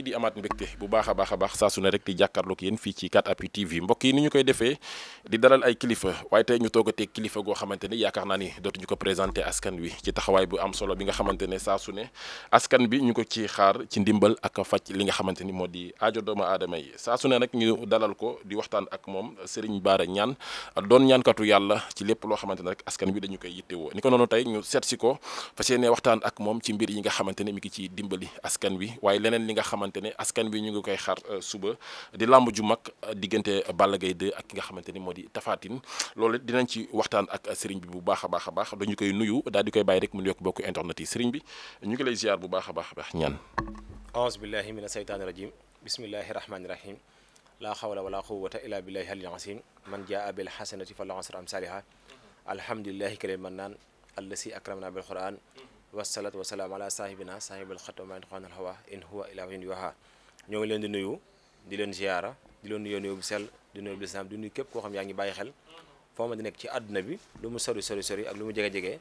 yi di amaat mbégte bu baax a baax a baax saa su ne rek di jàkkaarloog yéen fii ci 4appuis TV mbokk yi ni ñu koy defee di dalal ay kilifa waaye tey ñu toogatee kilifa goo xamante yaakaar naa ni dootuñu am solo bi ne saa su ne bi ñu ko ci xaar ci ndimbal ak faj li nga xamante ni moo di aajo doomu aadama yi saa su ne rek ñu dalal ko di waxtaan ak moom seriñ Bara Niane doon ñaankatu yàlla ci lépp loo xamante ne rek askan bi dañu koy yittewoo ni ko noonu tey ñu seet si ko fas yéene waxtaan ak moom ci ne mi ngi ci dimbali askan xamante ne askan bi ñu ngi koy xaar euh, suba di làmb ju mag euh, diggante Balla Gaye 2 ak ki nga xamante ni moo di Tapha lool dinañ ci waxtaan ak euh, sëriñ bi bu baax a baax a baax dañu koy nuyu daal di koy bàyyi rek mu yokk bokk internet yi sëriñ bi ñu ngi lay ziar bu baax a baax a baax ñaan aouzu billahi mina seytaani rajim bismillahi rahmaani rahim laa xawla wala quwwata illa billahi halil asim man jaa bil hasanati fal asr am saliha alhamdulillahi kariman naan allasi akramna bil quran wasalaatu wasalaam ala saahibina saahibal xat aman xoanal hawa in huwa ilaa yun yoha ñoo ngi leen di nuyu di leen ziyaara di leen nuyoo nuyoo bu sel di nuyu bu lislaam di képp koo xam yaa ngi bàyyi xel foo ma di nekk ci àdduna bi lu mu sori sori sori ak lu mu jege jege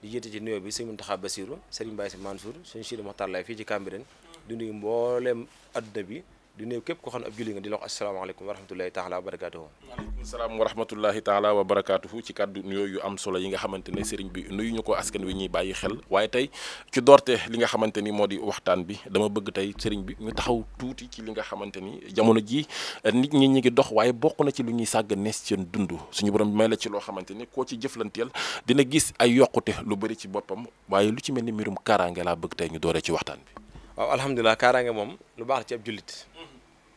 di jiite ci nuyoo bi sëñ Muntaxa Basiru sëriñ Mbaye si Mansour sëñ Sidi Moxtar Lay fii ci Cambérène di nuyu mbooleem àdduna bi di néew képp ko xam ne ab julli nga di la wax asalaamaaleykum wa rahmatullahi taala wa barakaatuhu waaleykum salaam wa rahmatullahi taala wa barakaatuhu am solo yi nga xamante ne sëriñ bi nuyu ko askan wi ñuy bàyyi xel waaye tey ci doorte li nga xamante ni moo di waxtaan bi dama bëgg tey sëriñ bi ñu taxaw tuuti ci li nga xamante ni jamono ji nit ñi ñi ngi dox waaye bokk na ci lu ñuy sàgg nees seen dund suñu borom bi may ci loo xamante ni koo ci jëflanteel dina gis ay yokkute lu bëri ci boppam waaye lu ci mel ni mbirum kaaraange laa bëgg tey ñu dooree ci waxtaan bi waaw alhamdulilah kaaraange moom lu baax ci ab jullit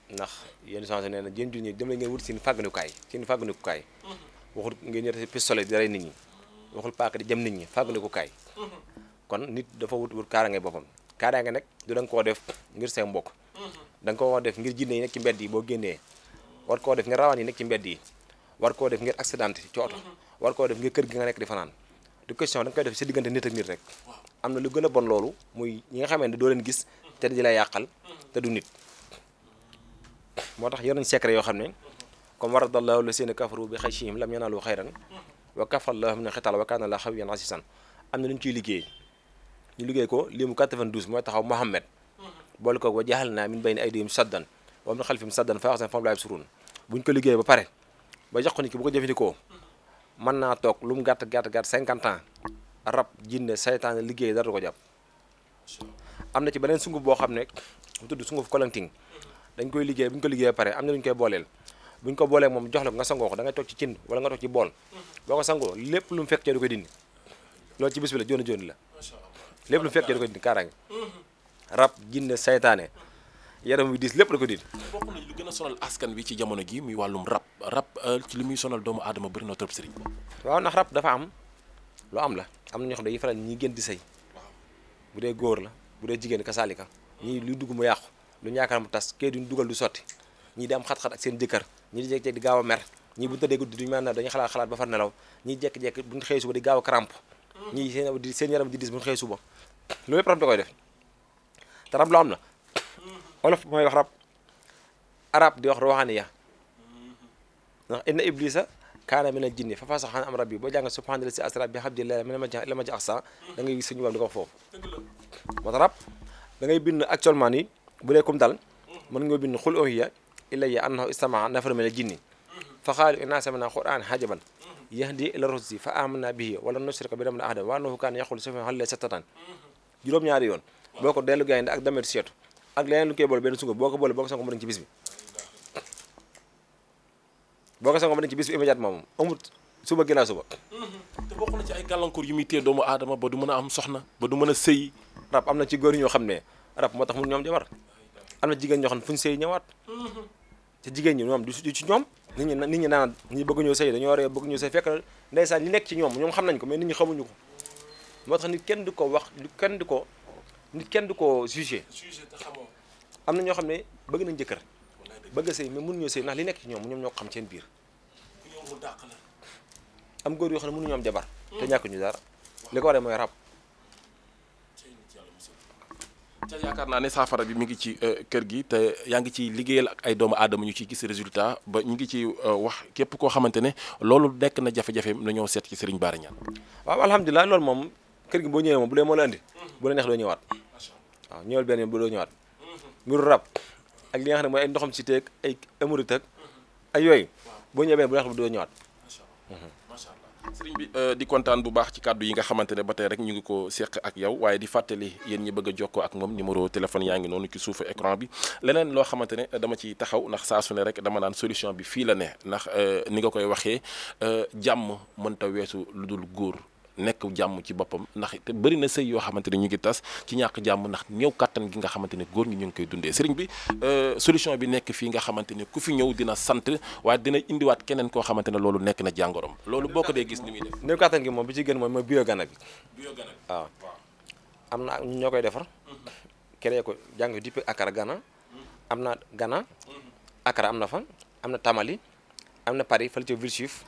ndax yenn chance nee na yéen jullit ñi dem la ngeen wut seen fàgganikukaay seen fàgganikukaay mm-hmm. waxul ngeen yor si pistolet di rey nit ñi waxul paaka di jëm nit ñi fàgganikukaay mm-hmm. kon nit dafa wut wut kaaraange boppam kaaraange nag du da nga def ngir seen mbokk mm-hmm. da nga koo def ngir jinne yi nekk ci mbedd yi boo génnee war koo def ngir rawaan yi nekk ci mbedd yi war koo def ngir accident ci oto war koo kër gi nga nekk di fanaan du question da nga koy def si diggante nit ak nit rek am na lu gën a bon loolu muy moo tax yor nañ secret yoo xam ne comme waradallahu lasina kafaru bi xaychihim lam yanaalu xayran wa kafallahu min xital wa kaana la xawiyan asisan am na lu ñu ciy liggéey ñu liggéey ko limu 92 mooy taxaw Mohammed boole ko wa jaaxal naa min bayni aydihim saddan wa min xalfihim saddan fa axsan fam laa yabsurun buñ ko liggéey ba pare ba jox ko ki bu ko jëfandikoo mën naa toog lu mu gàtt gàtt gàtt 50 ans rab jinne saytaan liggéey dara ko jàpp am na ci beneen sunguf boo xam ne mu tudd sunguf kolanting dañ koy liggéey bu ñu ko liggéey pare am na lu ñu koy booleel bu ñu ko boolee moom jox la ko nga sangoo ko da ngay toog ci cin wala nga toog ci bool boo ko sangoo lépp lu mu fekk cee du dindi loolu ci bis bi la jooni jooni la lépp lu mu fekk cee du koy dindi kaaraange rab jinne seytaane yaram wi diis lépp da ko dindi lu gën a sonal askan bi ci jamono gi muy wàllum rab rab euh, ci li muy sonal doomu aadama bëri na trop sëriñ waaw nax rab dafa am loo am la am na ñoo xam ñi gën di sëy bu dee góor la bu dee jigéen kasaalika ñii luy dugg mu yàqu lu ñu yaakaar tas kay duñ dugal du sotti ñii di am xat-xat ak seen jëkkër ñii di jékki-jékki di gaaw a mer ñii bu ñu tëddee guddi duñu mën a dañuy xalaat xalaat ba far nelaw ñii jékki-jékki buñ xëy suba di gaaw a crampe ñii seen seen yaram di dis buñ xëy suba loolu yëpp rab da koy def na wolof mooy wax rab arab di wax ruhaniya ndax kaana min al jinni fa fasaxa an am rabbi boo jàng subhaanallah si asra bi habdillahi la ma ci axsa di ko wax foofu moo tax rab da ngay bind actuellement nii bu dee kum dal mën nga bind xul ohiya ilayya annahu istamaa nafaru mina jinni fa xaalu inna sami'na qur'aan hajaban yahdi ila rusdi fa amanna bihi wala nushrika bi rabbina ahadan wa annahu kaana yaqulu sufyaan xalil juróom-ñaari yoon boo ko dellu gaynde ak dametu seetu ak leneen lu koy boole benn sunguf boo ko boole boo ko sango mu dañ ci ko sango dañ ci bis bi immédiatement moom amut suba ginnaaw suba te bokk na ci ay gàllankoor yu muy tee doomu aadama ba du mën a am soxna ba du a sëy rab na ci góor ñoo xam ne rab moo tax mun ñoom jabar am na jigéen ñoo xam ne fu ñu sëy ñëwaat te jigéen ñi ñoom du ci ñoom nit ñi nit ñi naan ñi bëgg ñëw sëy dañoo ree bëgg ñoo sëy fekk ndeysaan li nekk ci ñoom ñoom xam nañ ko mais nit ñi xamuñu ko moo tax kenn du ko wax kenn du ko nit kenn du ko jugé am na ñoo xam ne bëgg nañ jëkkër bëgg sëy mais mënuñoo sëy ndax li nekk ci ñoom ñoom ñoo ko xam seen biir am góor yoo xam ne mënuñoo ñoom jabar te ñàkk ñu dara li ko waree mooy rab ca yaakaar naa ne saafara bi mi ngi ci euh, kër gi te yaa ngi ciy liggéeyal ak ay doomu aadama ñu ci gis résultat ba ñu ngi ci euh, wax képp koo xamante ne loolu nekk na jafe-jafe na ñëw seet ci Serigne Bara Niane waaw alhamdulilah loolu moom kër gi boo ñëwee moom bu dee moo la andi mm-hmm. bu la neex doo ñëwaat waaw ñëwal benn yoon bu doo ñëwaat mbiru mm-hmm. rab ak li nga xam ne mooy ay ndoxam si teeg ay émorite mm-hmm. ay yooyu boo ñëwee benn bu neex doo ñëwaat sëriñ bi euh, di kontaan bu baax ci kàddu yi nga xamante ne ba tey rek ñu ngi ko seq ak yow waaye di fàttali yéen ñi bëgg jokkoo ak moom numéro téléphone yaa ngi noonu ci suufu écran bi leneen loo xamante ne euh, dama ciy taxaw ndax saa su ne rek dama naan solution bi fii la ne ndax euh, ni nga koy waxee jàmm mënta weesu lu dul góor nekk jàmm ci boppam ndax bari na sëy yoo xamante ne ñu ngi tas ci ñàkk jàmm ndax néew kattan gi nga xamante ne góor ñi ñu ngi koy dundee sëriñ bi euh, solution bi nekk fii nga xamante ne ku fi ñëw dina sant waaye dina indiwaat keneen koo xamante ne loolu nekk na jàngorom loolu boo ko dee gis ni muy def néew kattan gi moom bi ci gën moom mooy biogana bi biogana bi waaw am na ñoo koy defar mhm. ko jàng dippe akara gana mhm. am na gana mhm. akara am na fa am na tamali am na Paris fële ca Villejuif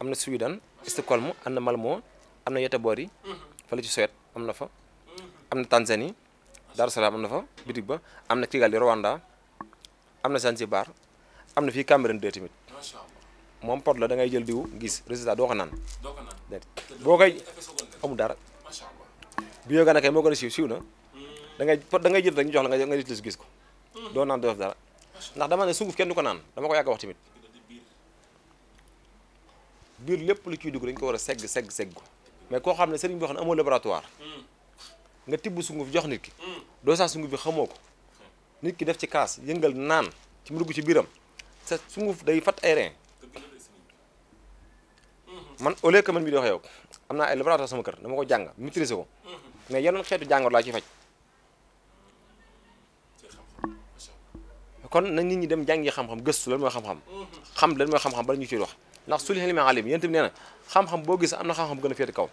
am na Sweden Stockholm am na Malmö am na Yatabor yi. Mhm. am na fa. Mhm. am na Tanzanie Darou Salaam am na fa bitig ba am na Kigali Rwanda am na Zanzibar am na fii Cameroun deux tamit. moom pot la da ngay jël diw gis résultat doo ko naan. doo ko boo koy amul dara. bio ga moo gën a siiw siiw na. Hmm. da jël rek ñu jox la nga nga gis gis ko. Hmm. doo naan doo def dara ndax dama ne sunguf kenn du ko naan dama ko yàgg wax biir lépp lu ciy dugg dañ ko war a segg segg segg ko. mais koo xam ne sëriñ bi wax ne amoo laboratoire nga tibb sunguf jox nit ki doo saa sunguf bi xamoo ko nit ki def ci kaas yëngal naan ci mu dugg ci biiram sa sunguf day fat ay rein man au lieu man mii di wax yow am naa ay laboratoire sama kër dama ko jàng maîtriser ko mais yeneen xeetu jàngoor laa ci faj kon na nit ñi dem jàngi xam-xam gëstu la mooy xam-xam xam lan mooy xam-xam bala ñu ciy wax ndax sulli xel mi alim yéen tamit nee na xam-xam boo gis am na xam-xam gën a féete kaw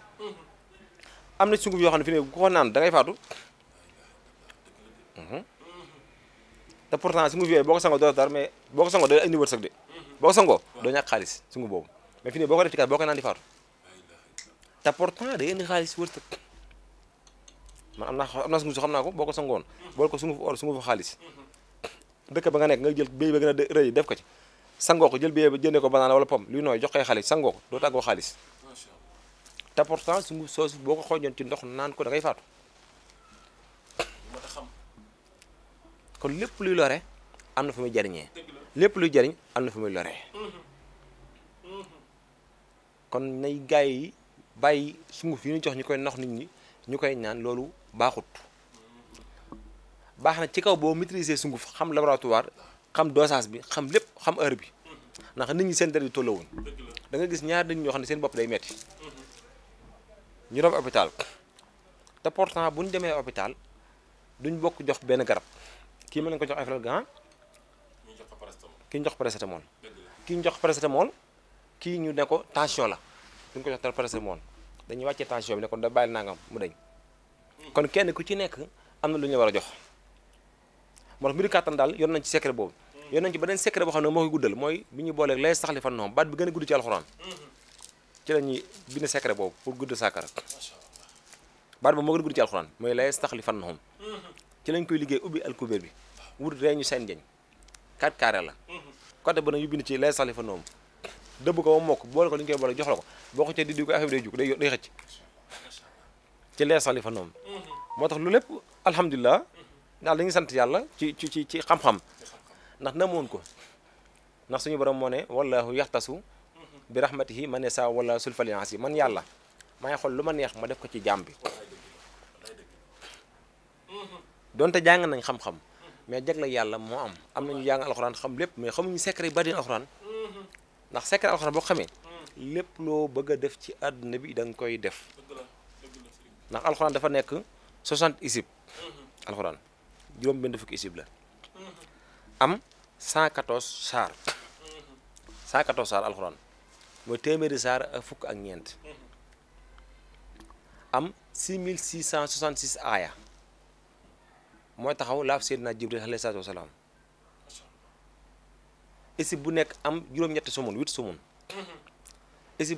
am na sunguf yoo xam ne fi ne ku ko naan da ngay faatu mhm. te pourtant sunguf yooyu boo ko sangoo doo dara mais boo ko sangoo day indi wërsëg de boo ko sangoo doo ñàkk xaalis sunguf boobu mais fi ne boo ko def ci kaas boo ko naan di faatu te pourtant day indi xaalis wërsëg man am naa am naa sunguf soo xam naa ko boo ko sangoon bool ko sunguf or sunguf xaalis mhm. dëkk ba nga nekk nga jël béy ba gën a rëy def ko ci sangoo ko jël billet ba jëndee ko banaan wala pom luy nooy jox koy xaalis sangoo ko doo tàggoo xaalis te pourtant suñu soosu boo ko xoojoon ci ndox naan ko da ngay faatu kon lépp luy lore am na fu muy jariñee lépp luy jariñ am na fu muy loree mhm. Mhm. kon nay gaay yi bàyyi sunguf yi ñu jox ñu koy nax nit ñi ñu koy ñaan loolu baaxut mhm. baax na ci kaw boo maîtriser sunguf xam laboratoire xam dosage bi xam lépp xam heure bi ndax nit ñi seen deret bi tolloo woon da gis ñaar nit ñoo xam ne seen bopp day metti ñu dem hôpital te portant bu ñu demee hôpital duñ bokk jox benn garab kii mën nañu ko jox Efferalgan kii ñu jox paracétamol kii ñu jox paracétamol kii ñu ne ko la duñ ko jox tar paracétamol dañuy wàccee tension bi nekkoon kon da bàyyi mu dañ hmm. kon kenn ku ci nekk am na lu ñu war a jox moo tax mbiru kàttan daal yor nañ ci secret boobu yoon nañ ci beneen secret boo xam ne moo koy guddal mooy bi ñu booleeg lay saxli fan noom bi gën a gudd mm-hmm. gudd saakara baat ba moo gën a gudd ci alxuraan mooy lay saxli mm-hmm. ci lañ koy liggéey ubbi bi wut ree ñu seen jañ quatre carré la mm-hmm. côté ba nag ñu bind ci lay saxli fan noom dëbb ko ba mokk ko li boo ko ca di di ko affaire bi day jug day day xëcc ci lay saxli fan noom moo tax lu lépp alhamdulilah daal dañuy sant yàlla ci ci ci ci xam-xam ndax namoon ko ndax suñu borom moo ne wallahu yaxtasu bi rahmatihi man yasa wala sulfali yi man yàlla maa ngi xool lu ma neex ma def ko ci jaam bi donte jàng nañ xam-xam mais jagle yàlla moo am am nañu jàng alxuraan xam lépp mais xamuñu secret yi bari na alxuraan ndax secret alxuraan boo xamee lépp loo bëgg a def ci àdduna bi da koy def ndax alxuraan dafa nekk 60 isib alxuraan juróom benn fukki isib la am 114 saar 114 saar alxuraan mooy téeméeri saar ak fukk ak ñeent am 6666 aaya mooy taxaw laaf seydina jibril alayhi salaatu wasalaam isib bu nekk am juróom-ñetti sumun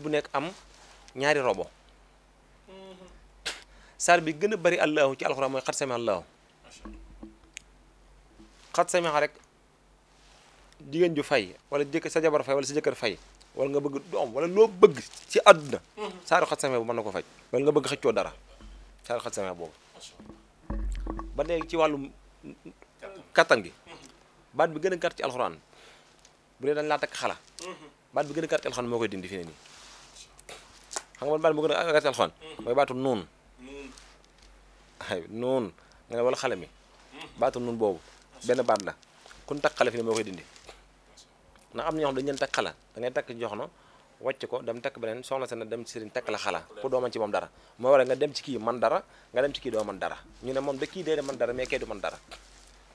bu nekk am ñaari robo saar bi gën a bari allahu ci alxuraan mooy xat samiha allahu xat samiha rek jigéen ju fay wala jëkk sa jabar fay wala sa jëkkër fay wala nga bëgg doom wala loo bëgg ci àdduna mm-hmm. saaru xat same bu mën na ko faj wala nga bëgg xëccoo dara saaru xat same boobu ba léegi ci wàllu mm-hmm. kattan gi mm-hmm. baat bi gën a gàtt ci alxuraan bu dee dañ laa takk xala baat bi gën a gàtt ci alxuraan nga baat bi gën a gàtt ci alxuraan mooy baatu nuun nuun nga ne wala xale mi baatu nuun boobu benn baat la kun takk xale fi ne moo koy dindi ndax am na ñoo xam dañu leen takk xala da ngay takk jox na wàcc ko dem takk beneen soxna sa na dem ci sëriñ takk la xala pour doo man ci moom dara moo waral nga dem ci kii man dara nga dem ci kii doo man dara ñu ne moom da kii dee man dara mais kee du man dara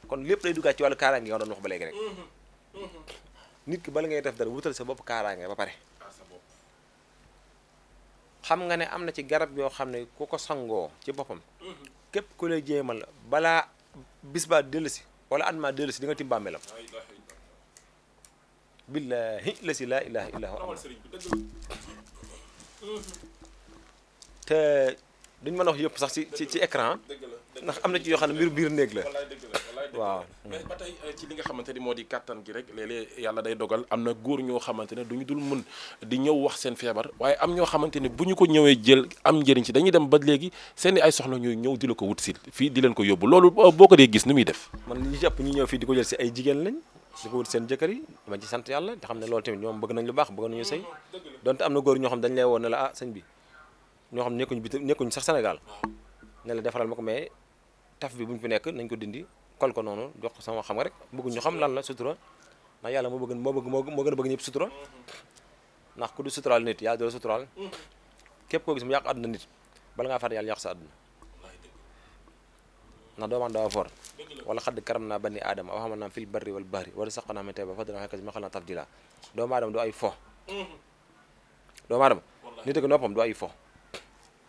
kon lépp lay duggaat ci wàllu kaaraange nga doon ba léegi mm-hmm. Mm-hmm. ki bala ngay def dara wutal sa bopp kaaraange ba pare ah, xam nga ne am na ci garab yoo xam ne ku ko sangoo ci boppam mm-hmm. képp ku lay jéemal balaa bis baa dellusi wala at maa dellusi di nga tim bàmmeelam billahi la si laa ilaha illa huwa te yëpp sax ci ci ci écran ndax am na ci yoo xam ne mbir biir néeg la waaw mais tey euh, ci li nga xamante ni moo di kàttan gi rek léeg yàlla day dogal am na góor ñoo xamante ne duñu dul mën di ñëw wax seen feebar waaye am ñoo xamante ni bu ñu ko ñëwee jël am njëriñ ci dañuy dem ba léegi seen i ay soxla ñooy ñëw di la ko wut si fii di leen ko yóbbu loolu euh, boo ko dee gis ni muy def man ñi jàpp ñi ñëw fii di ko jël si ay jigéen lañ di ko wut seen jëkkër yi dama ci sant yàlla te xam ne loolu tamit ñoom bëgg nañ lu baax bëgg nañu sëy donte am na góor ñoo xam dañ lay woon ne la ah sëñ bi ñoo xam nekkuñ bi ma ko mais taf bi buñ fi nekk nañ ko dindi kol ko noonu jox ko sama xam nga rek bëgguñ ñu xam lan la sutura ndax yàlla moo bëgg moo bëgg moo gën a bëgg ñëpp sutura ndax ku du suturaal nit yaa doo suturaal mm-hmm. képp koo gis mu yàq àdduna nit bala ngaa fàtte yàlla yàq sa àdduna ndax doomu aadama dafa for wala xadd karam naa bani aadama wa xamal naa fil barri wal bahri wala saqa naa min tey ba fadla xekkasi ma xal naa taf di laa doomu aadama du ay fo mhm. doomu aadama nit ak noppam du ay fo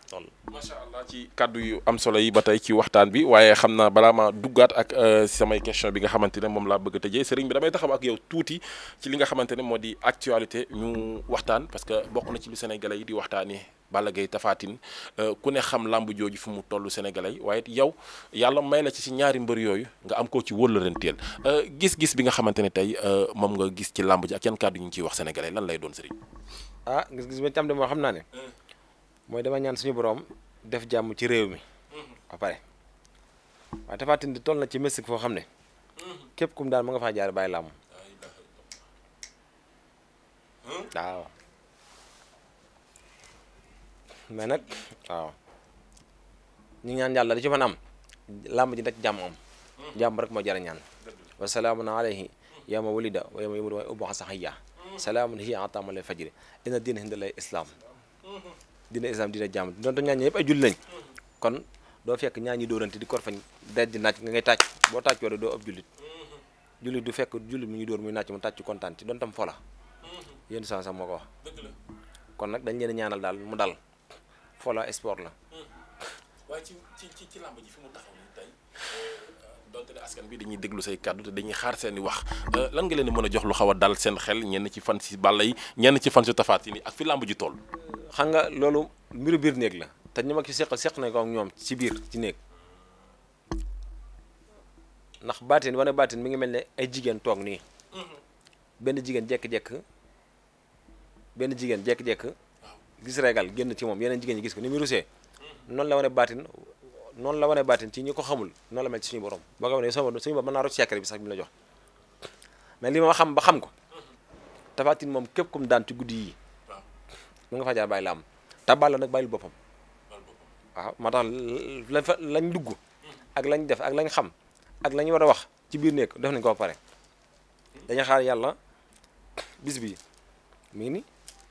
toll. macha allah ci kàddu yu am solo yi ba tey ci waxtaan bi waaye xam naa balaa ma duggaat ak euh, samay question bi nga xamante ne moom laa bëgg a tëjee sëriñ bi damay taxaw ak yow tuuti ci li nga xamante ne moo di actualité ñu waxtaan parce que bokk na ci lu sénégalais yi di waxtaanee Balla Gaye euh, ku ne xam làmb jooju fu mu toll sénégalais yi waaye yow yàlla may la ci si ñaari mbër yooyu nga am koo ci wëllëranteel euh, gis-gis bi nga xamante ne tey moom nga gis ci làmb ji ak yan kàddu ñu ciy wax sénégalais lan lay doon sëriñ. ah gis-gis ba ci am moo xam naa ne mooy dama ñaan suñu borom def jàmm ci réew mi ba pare waaye Tapha Tine di toll na ci messik foo xam ne képp kum daan ma nga faa jaar baay làmm waaw mais nag waaw ñu ñaan yàlla di ci mën am làmb ji nag jàmm am jàmm rek moo jara a ñaan wa salaamun alayhi yaa ma walida wa yaa ma yamut waaye ubbu xasaxayya salaamun hiya atamale fajri inna diin hindalay islam dina islam dina jàmm donte ñaañ ñëpp ay julli lañ kon doo fekk ñaañ ñi dóorante di kor fañ dajji naaj nga ngay tàcc boo tàccoo rek doo ab jullit jullit du fekk jullit mu ñuy dóor muy naaj mu tàcc kontaan ci doon tam fola yéen ko wax kon nag dañ leen ñaanal daal mu dal fola sport la waaye ci ci ci làmb ji fi mu taxaw euh, bi dañuy déglu say kàddu te dañuy xaar seen i wax euh, lan nga leen di mën a jox lu xaw a dal seen xel ñenn ci fan si Balla yi ñenn ci fan si Tapha Tine yi ak fi làmb ji toll xam nga loolu mbiru biir néeg la te ñu ma ci seq seq na ko ak ñoom ci biir ci néeg ndax baatin wane baatin mi ngi mel ne ay jigéen toog nii benn jigéen jekk-jekk benn jigéen jekk-jekk gis regal génn ci moom yeneen jigéen ñi gis ko ni muy rusee noonu la wane baatin noonu la wane baatin ci ñu ko xamul noonu la mel ci suñu borom boo ko wane sama suñu borom mën naa rocc secret bi sax bi mu la jox mais li ma xam ba xam ko Tapha moom képp kum daan ci guddi yi mu nga faa jaar bàyyi la am tabaal la nag bàyyil boppam waaw moo tax lañ fa lañ dugg ak lañ def ak lañ xam ak lañ war a wax ci biir nekk def nañ ko pare dañu xaar yàlla bis bi mu ngi ni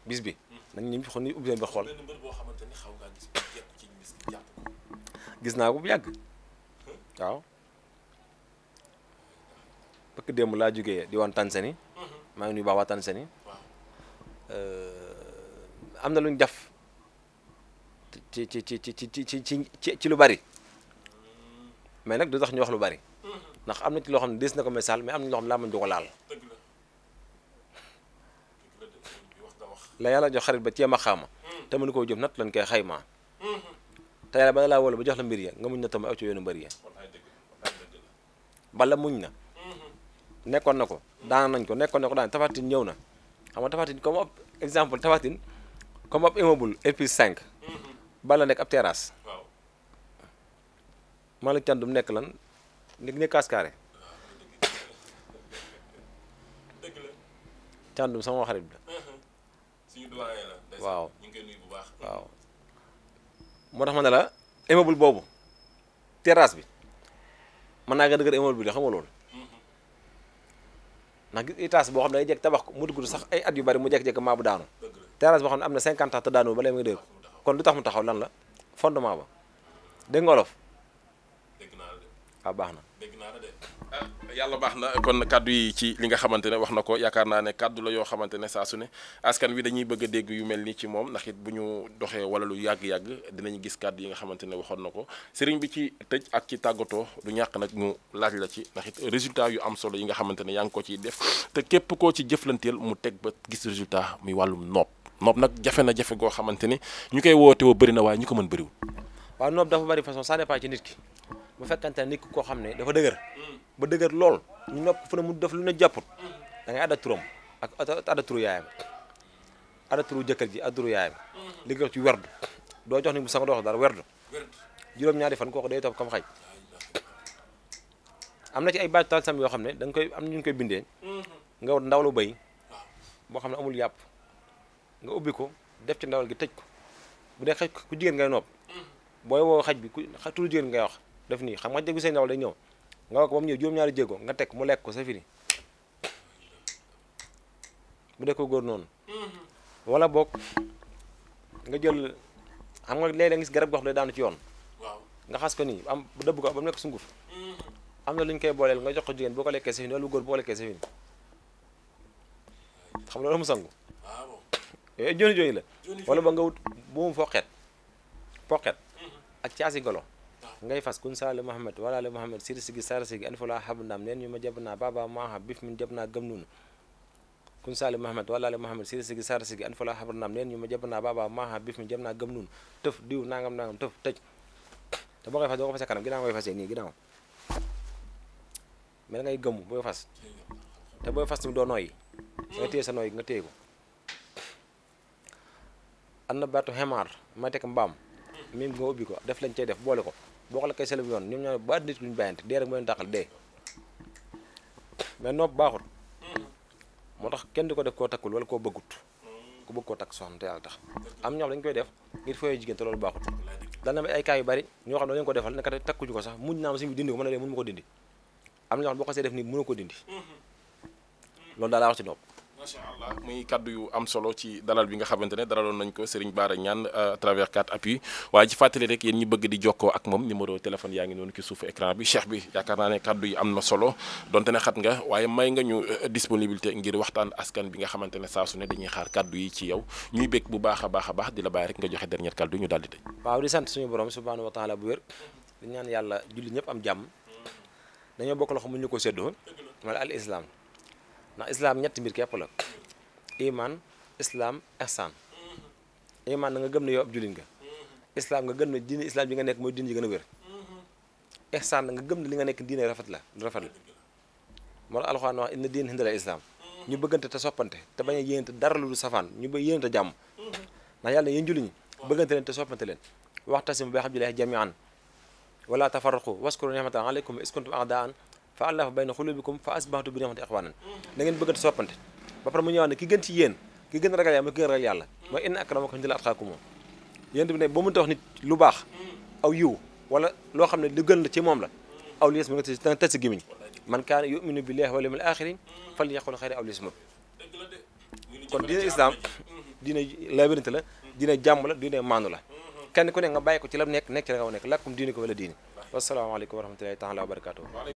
bis bi nañ ñu xool ni ubbi seen ba xool gis naa ko bu yàgg waaw bëkk démb laa jógee di waan Tanzanie mhm. maa ngi nuyu baax waa Tanzanie am na lu ñu def ci ci ci ci ci ci ci lu bari mais nag du tax ñu wax lu bari ndax am na ci loo xam ne des na ko messal mais am na loo xam ne laa mën du ko laal la yàlla jox ba ceeb ma xaama hmm. te mënu koo jëm natt lañ koy xaymaa hmm. te ba laa wala ba jox la mbir ya nga muñ na tamit aw muñ na hmm. nekkoon na ko daana nañ ko nekkoon na ko daan tafatin ñëw na xam nga tafatin comme exemple tafatin comme ab immeuble L+5 bala nekk ab terrasse Malick Thiandoum nekk lan nekk ne kaas carré Thiandoum sama xarit la uh-huh. waaw waaw moo tax ma ne la immeuble boobu terrasse bi man naa gën a dëgër immeuble bi la xam nga loolu uh-huh. ndax gis étage boo xam ne day jekk tabax ko mu dugg sax ay at yu bari mu jekk-jekk maa bu daanu terrasse boo xam ne am na 50 ans te daanu ba léegi mu ngi dégg kon lu tax mu taxaw lan la fondement ba dégg nga olof. waaw ah, baax na. Ah, yàlla baax na kon kàddu yi ci li nga xamante ne wax na ko yaakaar naa ne kàddu la yoo xamante ne saa su ne askan wi dañuy bëgg a dégg yu mel nii ci moom ndax bu ñu doxee wala lu yàgg-yàgg dinañ gis kàddu yi nga xamante ne waxoon na ko sëriñ bi ci tëj ak ci tàggatoo du ñàkk nag ñu laaj la ci ndaxit résultat yu am solo yi nga xamante ne yaa ngi ko ciy def te képp koo ci jëflanteel mu teg ba gis résultat muy wàllum nopp moom nag jafe na jafe goo xamante ni ñu koy woote woo bëri na waaye ñu ko mën bëriwul waaw noob dafa bari façon ça dépend ci nit ki bu fekkante ne nit ki koo xam ne dafa dëgër hmm. ba dëgër lool ñu nopp fu ne mu def lu ne jàpput da ngay adda turam ak adda turu yaayam adda turu jëkkër ji adda yaayam hmm. li nga ci werdu doo jox ni bu sanga doo wax dara werdu juróom-ñaari fan kooku day topp kam xaj na ci ay baatu yoo xam ne danga koy am ñu koy bindee hmm. nga ndaw lu béy boo xam ne amul yàpp nga ubbi ko def ci ndawal gi tëj ko bu dee xaj ku jigéen ngay nopp booy woo xaj bi ku turu jigéen ngay wax def nii xam nga jégu seen ndawal day ñëw nga wax ko ba mu nga teg mu lekk ko sa fini bu góor noonu wala boog xam nga léeg-léeg nga gis garab gox ci yoon nga xas ko nii am dëbb ko ba mu nekk sunguf am na lu ñu koy booleel nga jox ko jigéen boo ko lekkee sa fini wala bu góor boo ko lekkee sa fini xam loolu mu sangu Eh, joni joni la wala ba nga wut buum foqet poqet mm-hmm. ak caasi golo ah. ngay fas kun saala Muhammad wala la Muhammad siri sigi sara sigi alfa laa xab naam neen ñu ma jab naa baaba maaha laa xab naam neen ñu ma jab naa baaba maaha bif min jab gëm nunu tëf diw nangam nangam tëf tëj te boo koy fas doo ko fas kanam ginnaaw ngay fas nii ginnaaw mel ngay gëmm booy fas te booy fas tamit doo nooyi nga mm-hmm. téye sa nooyi nga téye ko na annabatu hemar may teg mbaam miim nga ubbi ko def lañ cay def boole ko boo ko la koy selebi yoon ñoom ñoo ba nit luñu bàyyante dee rek moo leen dàqal baaxul moo tax kenn di ko def koo takkul wala koo bëggut ku bëgg koo takk soxna te yàlla tax am ñoo xam dañu koy def ngir fooyee jigéen te loolu baaxut dal na ma ay cas yu bari ñoo xam ne dañu ko defal nekk takkuñu ko sax mujj naa ma si dindi ko mën na dee mënu ma ko dindi am na ñoo xam boo ko see def ko dindi loolu daal macha allah muy kaddu yu am solo ci dalal bi nga xamante ne dalaloon nañ ko Serigne Bara Niane euh, à travers 4 waaye ci fàttali rek yéen ñi bëgg di jokkoo ak moom numéro téléphone yaa ngi noonu ci suufu écran bi cheikh bi yaakaar naa ne kaddu yi am na solo donte ne xat nga waaye may nga ñu euh, disponibilité ngir waxtaan askan bi nga xamante ne saa su ne dañuy xaar kaddu yi ci yow ñuy bëgg bu baax a baax a baax di la bàyyi rek nga joxe dernière kaddu yi ñu daal di tëj. waaw di sant suñu borom subhanahu wa ko séddoo wala al ndax islaam ñetti mbir képp la iman islaam ihsan iman na nga gëm ne yow ab jullit nga islaam nga gëm ne diine islaam yi nga nekk mooy diine yi gën a wér ihsan nga gëm ne li nga nekk diine rafet la rafet la moo la alxuraan wax inna diin hindala islaam ñu bëggante te soppante te bañ a yénante dara lu safaan ñu ba yénante jàmm ndax yàlla yéen jullit ñi bëggante leen te soppante leen waxtasimu bi waskuru ni'matan alaykum is kuntum a'daan fa allafa bayna xulubikum fa asbahtu bi rahmati ixwanan da ngeen bëggante soppante ba pare mu ñëwaat ne ki gën ci yéen ki gën a ragal yàlla mooy gën ragal yàlla mooy inna akramakum wala loo xam ne lu gën la ci moom la aw lies mu nga danga tëj sa gémmiñ man kaana yuminu billahi wal yawmil aaxiri fal yaqul xayran kon diine la diine jàmm la diine maandu la kenn ku ne nga bàyyi ko ci la nekk nekk ci la nga nekk lakkum diine ko wala diine wasalaamaaleykum wa rahmatullahi taala wa barakaatu